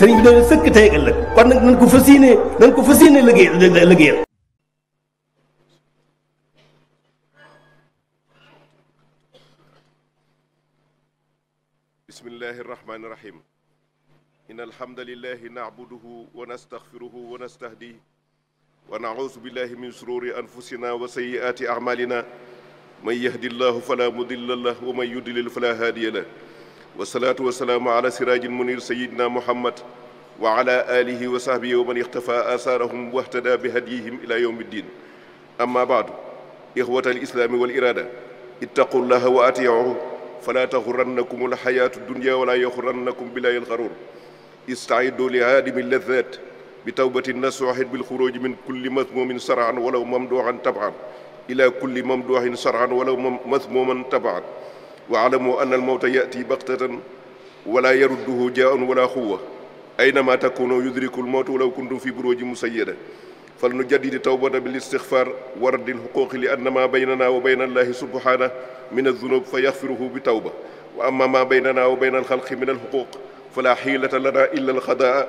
sëriñ bi dana sëkk tey ëllëg kon nag nañ ko fas yéene nañ ko fas yéene liggéey liggéeyal bismillahi irrahmani irrahim in alhamdulilahi nacbuduhu wa nastaxfiruhu wa nastahdiih wa nacuudu billahi min sururi anfusina wa sayiaati acmalina man yahdi llahu fala mudilla lah wa man yudlil fala haadiya lah wasalaatu wasalaamu ala siraajil munir sayidina muhammad wa ala alihi wa sahbihi wa man ixtafa asaarahum waxtada bi hadiyihim ila yawmi ddin amma baadu ixwata alislaami wal iraada ittaqu llaha wa atiicuhu fala taxurannakum alxayaatu dunya wala yaxurannakum billahi alxaruur istaidu li aadimi lazaat bi tawbatin nasuuxin bilxuruuji min kulli masmuumin saraan walaw mamduuxan tabaan ila kulli mamduuxin saraan walaw masmuuman tabaan waalamu anna al mawta yati baxtatan wala yarudduhu jaaun wala xuwa aynama takunu yudriku l mawtu walaw kuntum fi buruji musayyada fal nu jaddidi tawbata bil istixfar wa raddi lxuquqi li anna ma baynana wa bayna allahi subhanahu min aldunub fa yaxfiruhu bi tawba wa amma ma baynana wa bayna alxalqi min alxuquq fala xiilata lana illa alxadaa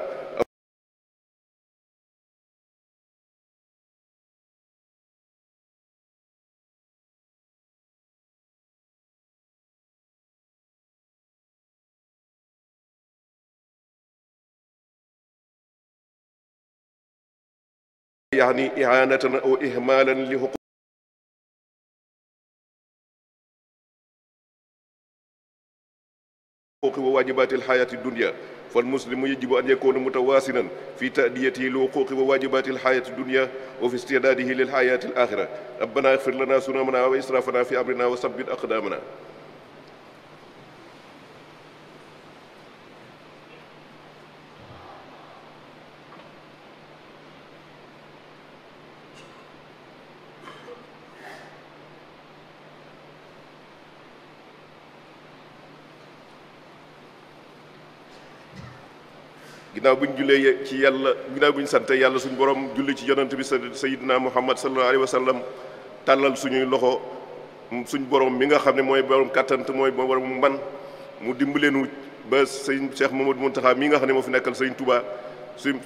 يعني إعانة أو إهمالا لحقوق وواجبات الحياة الدنيا فالمسلم يجب أن يكون متوازنا في تأديته لحقوق وواجبات الحياة الدنيا وفي استعداده للحياة الآخرة ربنا اغفر لنا سنمنا وإسرافنا في أمرنا وثبت أقدامنا ginnaaw bu ñu jullee ci yàlla ginnaaw bu ñu santee yàlla suñu borom julli ci yonante bi sayyidina muhammad sallallahu alayhi wa sallam tàllal suñuy loxo suñu borom mi nga xam ne mooy borom kàttan te mooy borom man mu dimbaleenu ba sëñ Cheikh Mamadou Mountakha mi nga xam ne moo fi nekkal sëñ Touba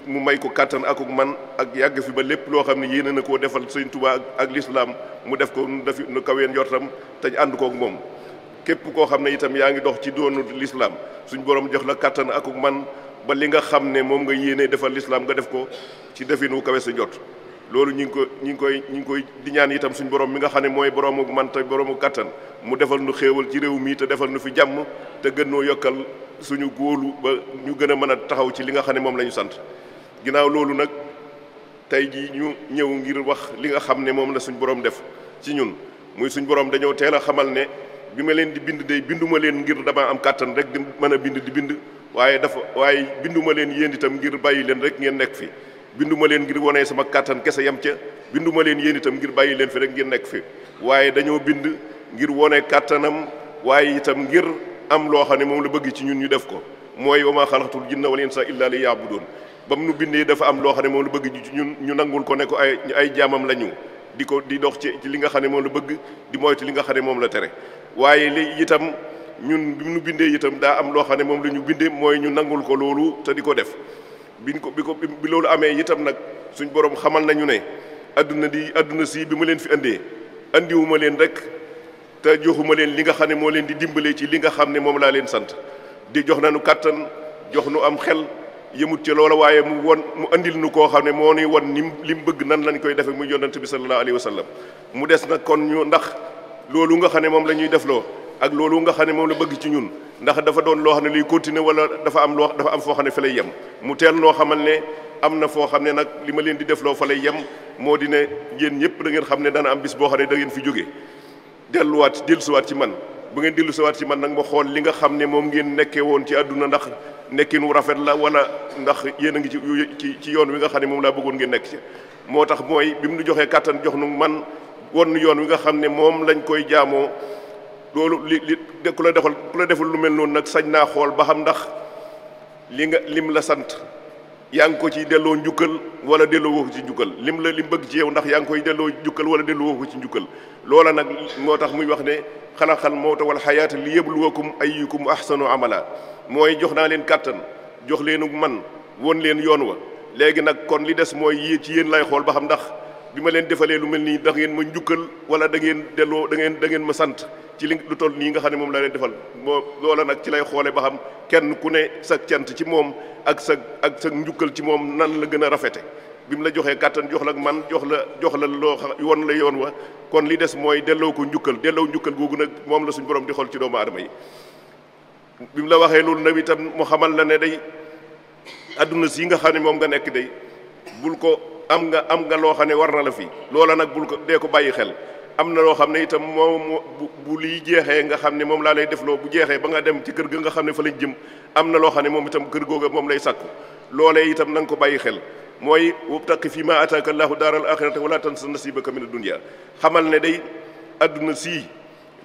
mu may ko kàttan ak man ak yàgg fi ba lépp loo xam ne yéene na koo defal sëñ tubaa ak lislaam mu def ko nu dafi nu kaween yortam te ñu ànd kook moom képp koo xam ne itam yaa ngi dox ci doonu lislaam suñu borom jox la kàttan ak man ba li nga xam ne moom nga yéene defal lislaam nga def ko ci defin wu kawe sa jot loolu ñu ngi ko ñu ngi koy ñu ngi koy di ñaan itam suñu borom mi nga xam ne mooy boroomu man te boroomu mu defal nu xéewal ci réew mi te defal nu fi jàmm te gën noo yokkal suñu góolu ba ñu gën a mën a taxaw ci li nga xam ne moom la ñu sant ginnaaw loolu nag tey jii ñu ñëw ngir wax li nga xam ne moom la suñ borom def ci ñun muy suñu borom dañoo teel a xamal ne bi ma leen di bind day binduma leen ngir dama am kàttan rek di mën a bind di bind waaye dafa waaye binduma leen yéen itam ngir bàyyi leen rek ngeen nekk fi binduma leen ngir wane sama kàttan kese yem ca binduma leen yéen itam ngir bàyyi leen fi rek ngeen nekk fi waaye dañoo bind ngir wane kàttanam waaye itam ngir am loo xam ne moom la bëgg ci ñun ñu def ko mooy wa maa xalaqtul jinna wal insa illa li yaabudoon ba mu nu bindee dafa am loo xam ne moom la bëgg ci ñun ñu nangul ko ne ko ay ay jaamam la ñu di ko di dox ci li nga xam ne moom la bëgg di moytu li nga xam ne moom la tere waaye li itam ñun bi ñu bindee itam daa am loo xam ne moom la ñu bindee mooy ñu nangul ko loolu te di ko def biñ ko bi bi loolu amee itam nag suñ borom xamal nañu ne adduna di adduna sii bi ma leen fi andee andiwuma leen rek te joxuma leen li nga xam ne moo leen di dimbalee ci li nga ne moom laa leen sant di jox na nañu kàttan jox nu am xel yëmut ci loola waaye mu won mu andil nu koo xam ne moo nuy won ni li mu bëgg nan lañu koy defee muy yonante bi sallallahu alayhi wa sallam mu des nag kon ñu ndax loolu nga xam ne moom la ñuy defloo ak loolu nga xam ne moom la bëgg ci ñun ndax dafa doon loo xam ne luy continuer wala dafa am loo dafa am foo xam ne fa lay yem mu teel noo xamal ne am na foo xam ne nag li ma leen di def loo fa yem moo di ne yéen ñëpp da ngeen xam ne dana am boo xam ne da ngeen fi jóge delluwaat dellusiwaat ci man bu ngeen dellusiwaat ci man nag ma xool li nga xam ne moom ngeen nekkee woon ci àdduna ndax nekkin wu rafet la wala ndax yéen a ngi ci ci yoon wi nga xam ne moom laa bëggoon ngeen nekk moo tax mooy bi mu nu joxee kàttan jox nu man won yoon wi nga xam ne moom lañ koy jaamoo loolu li li ku la defal ku la deful lu mel noonu nag sañ naa xool ba xam ndax li nga lim la sant yaa ngi ko ci delloo njukkal wala delloo woo ko ci njukkal lim la lim bëgg ci ndax yaa ngi koy delloo njukkal wala delloo ci njukkal loola nag moo tax muy wax ne xalaqal mawta wal xayaata li yabluwakum ayyukum ahsanu amala mooy jox naa leen kàttan jox leenu man won leen yoon wa léegi nag kon li des mooy yéen ci yéen lay xool ba xam ndax bi ma leen defalee lu mel nii da ngeen ma njukkal wala da ngeen delloo da ngeen da ngeen ma sant ci li lu toll nii nga xam ne moom la leen defal moo loola nag ci lay xoole ba xam kenn ku ne sa cant ci moom ak sa ak sa njukkal ci moom nan la gën a rafete bi mu la joxee kàttan jox la man jox la jox la loo xam yoon la yoon wa kon li des mooy delloo ko njukkal delloo njukkal googu nag moom la suñ borom di xool ci doomu aadama yi bi mu la waxee loolu nag itam mu xamal la ne day adduna si nga xam ne moom nga nekk day bul ko am nga am nga loo xam ne war na la fi loola nag bul ko dee ko bàyyi xel am na loo xam ne itam moom bu lii jeexee nga xam ne moom laa lay defloo bu jeexee ba ngaa dem ci kër ga nga xam ne fa lañ jëm am na loo xam ne moom itam kër googa moom lay sàkku loolee itam na ko bàyyi xel mooy wabtaqi fii ma ataaka allahu daaral axirata wala tansa nasibaka mina dunya xamal ne day adduna sii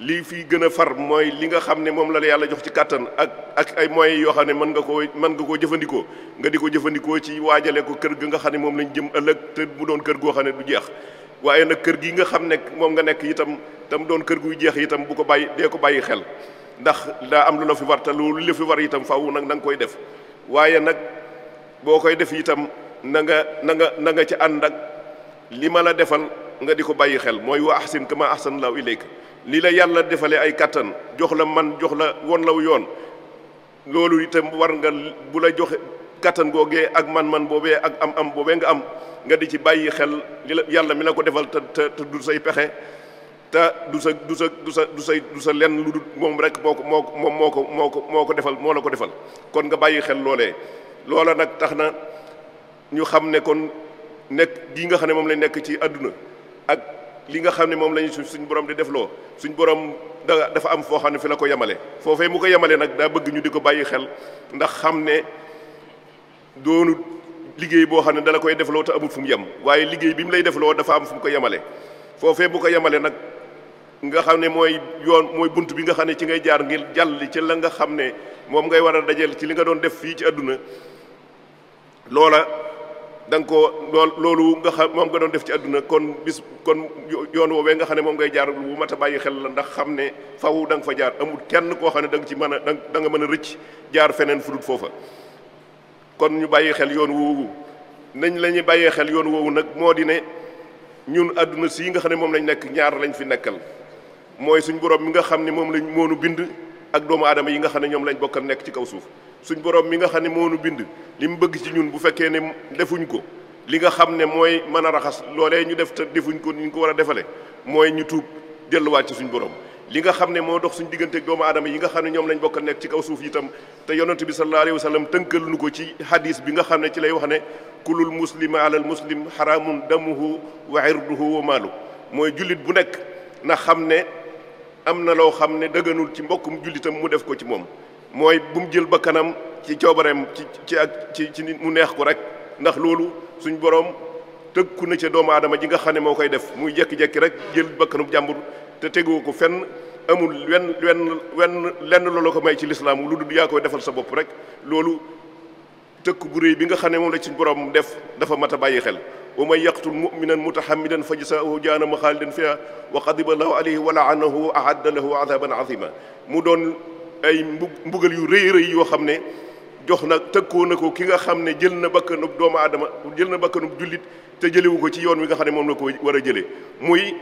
lii fii gën a far mooy li nga xam ne moom la la yàlla jox ci kàttan ak ak ay moyens yoo xam ne mën nga koo mën nga koo jëfandikoo nga di ko jëfandikoo ci waajale ko kër ga nga xam ne moom lañ jëm ëllëg te mu doon kër goo xam ne du jeex waaye nag kër gi nga xam ne moom nga nekk itam tam doon kër guy jeex itam bu ko bàyyi dee ko bàyyi xel ndax daa am lu la fi war te loolu li fi war itam faaw nag na koy def waaye nag boo koy def itam na nga na na nga ci ànd ak ma la defal nga di ko bàyyi xel mooy wa ahsin kama ahsana Allahu ilayk li la yàlla defalee ay kattan jox la man jox la won law yoon loolu itam war nga bu la joxe kàttan googee ak man-man boobee ak am-am boobee nga am nga di ci bàyyi xel li la yàlla mi la ko defal te te du say pexe te du sa du sa du sa du say du sa lenn lu dul moom rek moo ko moo ko moo ko moo ko moo ko defal moo la ko defal kon nga bàyyi xel loolee loola nag tax na ñu xam ne kon nekk gi nga xam ne moom lañ nekk ci àdduna ak li nga xam ne moom lañu suñ borom di def loo suñ borom da dafa am foo xam ne fi la ko yemale foofee mu ko yemale nag daa bëgg ñu di ko bàyyi xel ndax xam ne doonut liggéey boo xam ne dala koy defloo te amul fu mu yem waaye liggéey bi mu lay defloo dafa am fu mu ko yemale foofee bu ko yemale nag nga xam ne mooy yoon mooy bunt bi nga xam ne ci ngay jaar ngir jàll ci la nga xam ne moom war a dajale ci li nga doon def ci àdduna loola da ko lool loolu nga xam moom nga doon def ci àdduna kon bis kon yoon woowee nga xam ne moom ngay jaar mat a bàyyi xel la ndax xam ne faw da nga jaar amul kenn koo xam ne danga nga mën a da nga mën a rëcc jaar feneen fu dul foofa kon ñu bàyyi xel yoon woowu nañ la ñuy bàyyee xel yoon woowu nag moo di ne ñun àdduna yi nga xam ne moom lañ nekk ñaar lañ fi nekkal mooy suñ borom mi nga xam ne moom lañ moonu bind ak doomu aadama yi nga xam ne ñoom lañ bokkal nekk ci kaw suuf suñ borom mi nga xam ne moonu bind li mu bëgg ci ñun bu fekkee ne defuñ ko li nga xam ne mooy mën a raxas loolee ñu def te defuñ ko ni ñu ko war a defale mooy ñu tuub delluwaat ci suñ borom li nga xam ne moo dox suñu digganteeg doomu aadama yi nga xam ne ñoom lañ bokk nekk ci kaw suuf itam te yonent bi sallallahu alayhi wa sallam tënkal nu ko ci hadis bi nga xam ne ci lay wax ne kulul muslimi alal muslim xaraamun damuhu wa irduhu wa maalu mooy jullit bu nekk na xam ne am na loo xam ne dëgganul ci mbokkum jullitam mu def ko ci moom mooy bu mu jël bakkanam ci coobareem ci ci ak ci ci mu neex ko rek ndax loolu suñ boroom ku na ca doomu adama ji nga xam ne moo koy def muy jekki-jekki rek jël bakkanub jàmbur te tegoo ko fenn amul wenn wenn wenn lenn loola ko may ci lislaam lu dul yaa koy defal sa bopp rek loolu tëkk bu réy bi nga xam ne moom la ci borom def dafa mat a bàyyi xel wa man yaqtul muminan mutahamidan fa jasaahu jahanama xaalidan fiha wa qadiba allahu alayhi wa laanahu wa ahadda lahu adaban azima mu doon ay mbugal yu rëy yoo xam ne jox na tëkkoo na ko ki nga xam ne jël na bakkanub doomu aadama jël na bakkanub jullit te jëlewu ko ci yoon wi nga xam ne moom la ko war a jële muy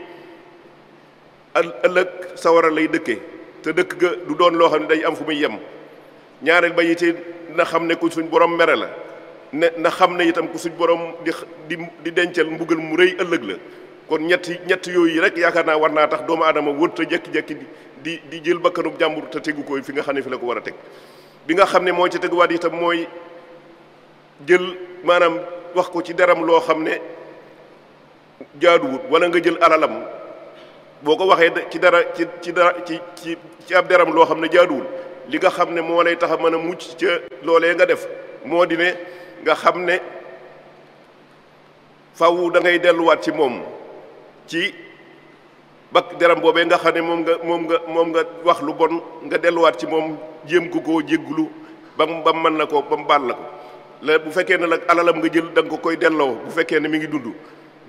ëllëg sawara lay dëkke te dëkk ga du doon loo xam ne day am fu muy yem ñaareel ba it na xam ne ku suñ borom mere la ne na xam ne itam ku suñ borom di di di dencal mbugal mu rëy ëllëg la kon ñetti ñett yooyu rek yaakaar naa war naa tax doomu aadama wër te jékki-jékki di di jël bakkanub jàmbur te tegu ko fi nga xam ne fi la ko war a teg bi nga xam ne moo ci teguwaat tam mooy jël maanaam wax ko ci deram loo xam ne jaaduwut wala nga jël alalam. boo ko waxee ci dara ci ci dara ci ci ci ab deram loo xam ne jaaduwul li nga xam ne moo lay tax a mën a mucc ca loolee nga def moo di ne nga xam ne faaw da ngay delluwaat ci moom ci bak deram boobee nga xam ne moom nga moom nga moom nga wax lu bon nga delluwaat ci moom jéem ko koo jégglu ba mu ba mu mën na ko ba mu baal la ko la bu fekkee ne nag alalam nga jël da koy delloo bu fekkee ne mi ngi dund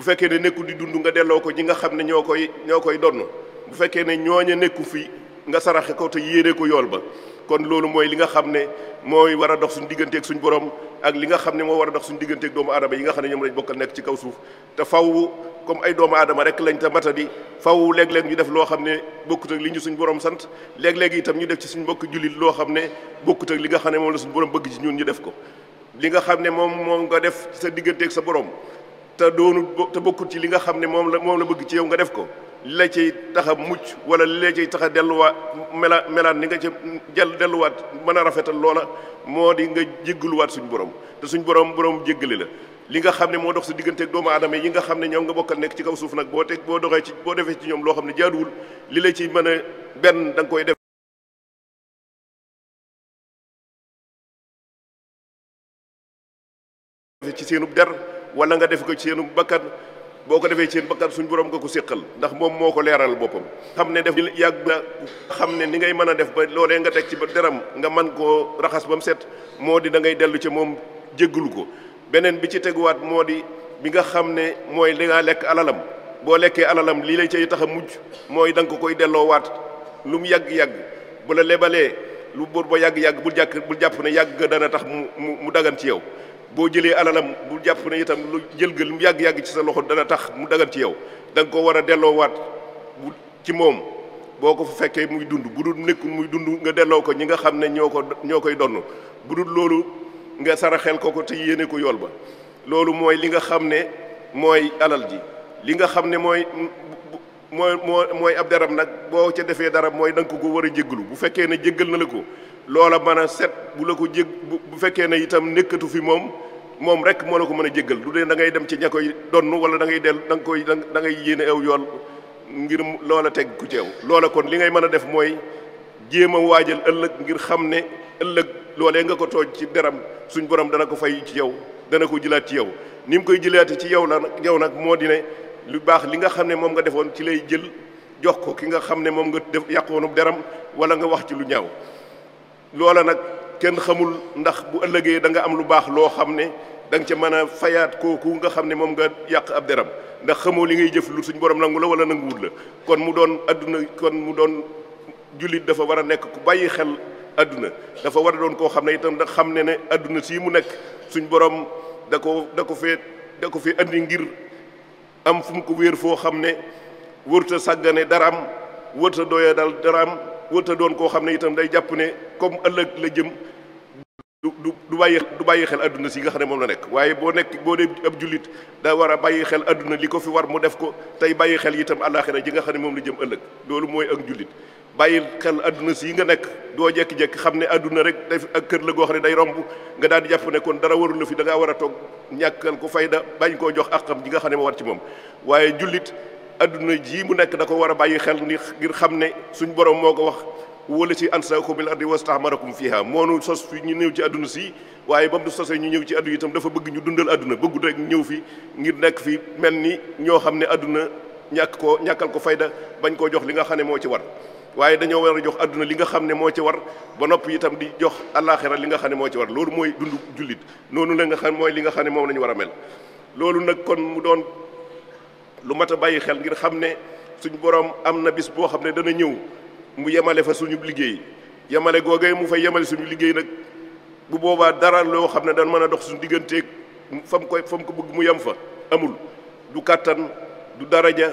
bu fekkee ne nekku di dund nga delloo ko ñi nga xam ne ñoo koy ñoo koy donn bu fekkee ne ñooña nekku fi nga saraxe ko te yéene ko yool ba kon loolu mooy li nga xam ne mooy war a dox suñu diggante suñu borom ak li nga xam ne moo war a dox suñu diggante ak doomu yi nga xam ne ñoom lañ bokkal ci kaw suuf te faw comme ay doomu aadama rek lañ te matadi faw léeg-léeg ñu def loo xam ne bokkut ak li ñu suñu borom sant léeg-léeg ñu def ci suñu mbokk jullit loo xam ne bokkut ak li nga xam ne moom la suñu borom bëgg ci ñun ñu def ko li nga xam ne moom moom nga def sa diggante sa borom te doonut te bokkut ci li nga xam ne moom la moom la bëgg ci yow nga def ko li ci ciy tax a mucc wala li la ciy tax a delluwaat mela melaat ni nga ca jël delluwaat mën a rafetal loola moo di nga jéggaluwaat suñ borom te suñ borom borom jéggale la li nga xam ne moo dox sa diggante ak doomu aadama yi nga xam ne ñoom nga bokkal nekk ci kaw suuf nag boo teg boo doxee ci boo defee ci ñoom loo xam ne jaaduwul li la ciy mën benn da koy def ci seenub wala nga def ko ci seenu bakkan boo ko defee seen bakkan suñu boroom nga ko séqal ndax moom moo ko leeral boppam xam ne def yàgg ba xam ne ni ngay mën a def ba loolee nga teg ci ba deram nga man koo raxas ba mu set moo di dangay dellu ci moom jéggalu ko beneen bi ci teguwaat moo di bi nga xam ne mooy li nga lekk alalam boo lekkee alalam lii lay cay tax a mujj mooy danga nga ko koy delloowaat lu mu yàgg-yàgg bu la lebalee lu bor ba yàgg-yàgg bul jàkk bul jàpp ne yàgg dana tax mu mu mu dagan ci yow boo jëlee alalam bu jàpp ne itam lu jëlgal mu yàgg-yàgg ci sa loxo dana tax mu dagan ci yow danga nga ko war a delloo waat ci moom boo ko fa fekkee muy dund bu dul nekkul muy dund nga delloo ko ñi nga xam ne ñoo ko ñoo koy donn bu dul loolu nga saraxel ko ko te yéene ko yool ba loolu mooy li nga xam ne mooy alal ji li nga xam ne mooy mooy mooy ab daram nag boo ca defee dara mooy da ko ko war a jéggalu bu fekkee ne jéggal na la ko loola mën a set bu la ko jég bu bu fekkee ne itam nekkatu fi moom moom rek moo la ko mën a jéggal du dee da ngay dem ci ña koy donn wala da ngay dellu da koy da ngay yéene aw yoon ngir loola teg ku ceew loola kon li ngay mën a def mooy jéem a waajal ëllëg ngir xam ne ëllëg loolee nga ko tooj ci deram suñ borom dana ko fay ci yow dana ko jëlaat ci yow ni mu koy jëlaati ci yow la nag yow nag moo di ne lu baax li nga xam ne moom nga defoon ci lay jël jox ko ki nga xam ne moom nga def yàqoonub deram wala nga wax ci lu ñaaw loola nag kenn xamul ndax bu ëllëgee da nga am lu baax loo xam ne da nga ca mën a fayaat kooku nga xam ne moom nga yàq ab deram ndax xamoo li ngay jëf lu suñ borom nangu la wala nanguwul la kon mu doon adduna kon mu doon jullit dafa war a nekk ku bàyyi xel adduna dafa war a doon koo xam ne itam da xam ne ne adduna sii mu nekk suñ borom da ko da ko fee da ko fi andi ngir am fu mu ko wéer foo xam ne wërta sàggane daraam sa doya dal daraam wërta doon koo xam ne itam day jàpp ne comme ëllëg la jëm du du du bàyyi du bàyyi xel adduna si nga xam ne moom la nekk waaye boo nekk boo dee a bàyyi xel adduna li ko fi war mu def ko tey bàyyi xel itam àllaaxira ji nga xam ne moom la jëm ëllëg loolu mooy ak jullit bàyyi xel adduna si nga nekk doo jekki-jekki xam ne adduna rek ak kër la goo xam ne day romb nga daal di jàpp ne kon dara warul la fi da ngaa war a toog ñàkkal ko fayda bañ koo jox àqam ji nga xam ne moo war ci moom waaye jullit adduna jii mu nekk da ko war a bàyyi xel ni ngir xam ne suñ borom moo ko wax wala ci ansaakum bil ardi wasta'marakum fiha moonu sos fi ñu ñëw ci adduna si waaye ba mu du sosee ñu ñëw ci adduna itam dafa bëgg ñu dundal adduna bëggut rek ñëw fi ngir nekk fi mel ni ñoo xam ne adduna ñàkk ko ñàkkal ko fayda bañ koo jox li nga xam ne moo ci war waaye dañoo war a jox adduna li nga xam ne moo ci war ba noppi itam di jox àllaaxira li nga xam ne moo ci war loolu mooy dund jullit noonu la nga mooy li nga xam ne moom la ñu war lu mat a bàyyi xel ngir xam ne suñ borom am na bis boo xam ne dana ñëw mu yemale fa suñu liggéey yemale googee mu fa yemale suñu liggéey nag bu boobaa dara loo xam ne dana mën a dox suñu digganteeg fa mu koy fa mu ko bëgg mu yem fa amul du kàttan du daraja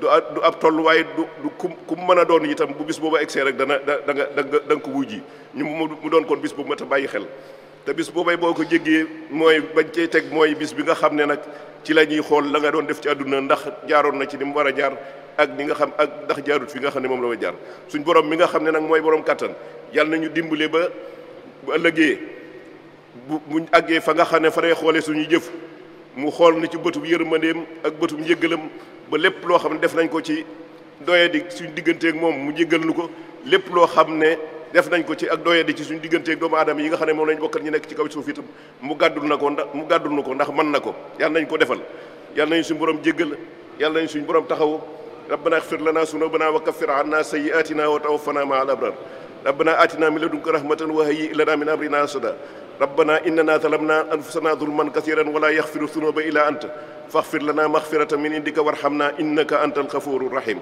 du du ab tolluwaay du du ku ku mën a doon itam bu bis booba egsee rek dana da da nga da nga ko wujji ñu mu doon kon bis bu mat a bàyyi xel te bis boobay boo ko jegee mooy bañ cay teg mooy bis bi nga xam ne nag ci la ñuy xool la nga doon def ci àdduna ndax jaaroon na ci ni mu war a jaar ak ni nga xam ak ndax jaarut fi nga xam ne moom la ma jaar suñu borom mi nga xam ne nag mooy borom kattan yàlla nañu dimbale ba bu ëllëgee bu buñ àggee fa nga xam ne fa lay xoolee suñuy jëf mu xool na ci bëtub yërmandeem ak bëtub njëggalam ba lépp loo xam ne def nañ ko ci doye di suñ digganteeg moom mu jéggal ko lépp loo xam ne def nañ ko ci ak doye di ci suñu digganteeg doomu aadama yi nga xam ne moom lañ bokkal ñu nekk ci kaw suuf itam mu gàddul na ko ndax mu gàddul na ko ndax mën na ko yàlla nañ ko defal yàlla nañ suñu borom jéggal yàlla nañ suñu borom taxawu rabbana ighfir lana sunubana wa kaffir anna sayyi'atina wa tawaffana ma'al abrar rabbana atina min ladunka rahmatan wa hayyi' lana min amrina rashada rabbana innana zalamna anfusana zulman kathiran wa la yaghfiru dhunuba illa anta faghfir lana maghfiratan min indika warhamna innaka antal ghafurur rahim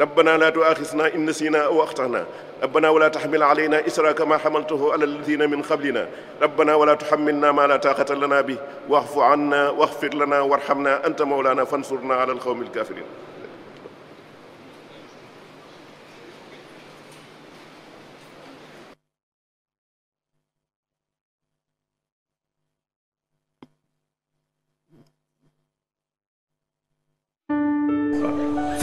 ربنا لا تؤاخذنا إن نسينا أو أخطأنا ربنا ولا تحمل علينا إسرا كما حملته على الذين من قبلنا ربنا ولا تحملنا ما لا طاقة لنا به واعف عنا واغفر لنا وارحمنا أنت مولانا فانصرنا على القوم الكافرين